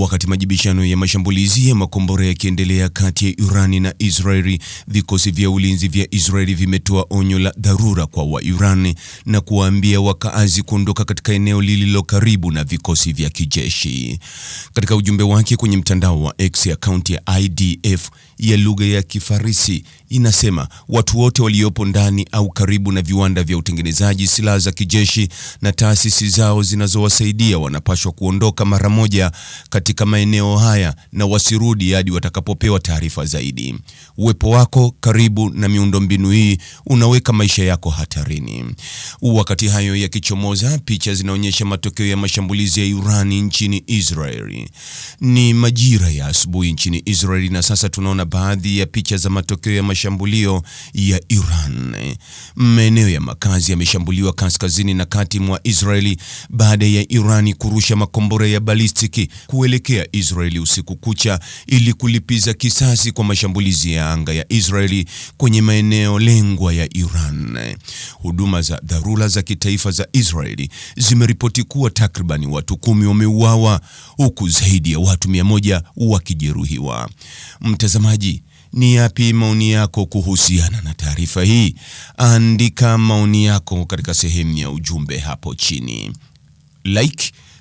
Wakati majibishano ya mashambulizi ya makombora yakiendelea kati ya Irani na Israeli, vikosi vya ulinzi vya Israeli vimetoa onyo la dharura kwa Wairani na kuwaambia wakaazi kuondoka katika eneo lililo karibu na vikosi vya kijeshi. Katika ujumbe wake kwenye mtandao wa X, akaunti ya IDF ya lugha ya Kifarisi inasema watu wote waliopo ndani au karibu na viwanda vya utengenezaji silaha za kijeshi na taasisi zao zinazowasaidia wanapaswa kuondoka mara moja kati katika maeneo haya na wasirudi hadi watakapopewa taarifa zaidi. Uwepo wako karibu na miundombinu hii unaweka maisha yako hatarini. Wakati hayo yakichomoza, picha zinaonyesha matokeo ya mashambulizi ya Irani nchini Israeli. Ni majira ya asubuhi nchini Israeli na sasa tunaona baadhi ya picha za matokeo ya mashambulio ya Iran. Maeneo ya makazi yameshambuliwa kaskazini na kati mwa Israeli baada ya Irani kurusha makombora ya balistiki kuelekea kuelekea Israeli usiku kucha ili kulipiza kisasi kwa mashambulizi ya anga ya Israeli kwenye maeneo lengwa ya Iran. Huduma za dharura za kitaifa za Israeli zimeripoti kuwa takribani watu kumi wameuawa huku zaidi ya watu mia moja wakijeruhiwa. Mtazamaji, ni yapi maoni yako kuhusiana na taarifa hii? Andika maoni yako katika sehemu ya ujumbe hapo chini. Like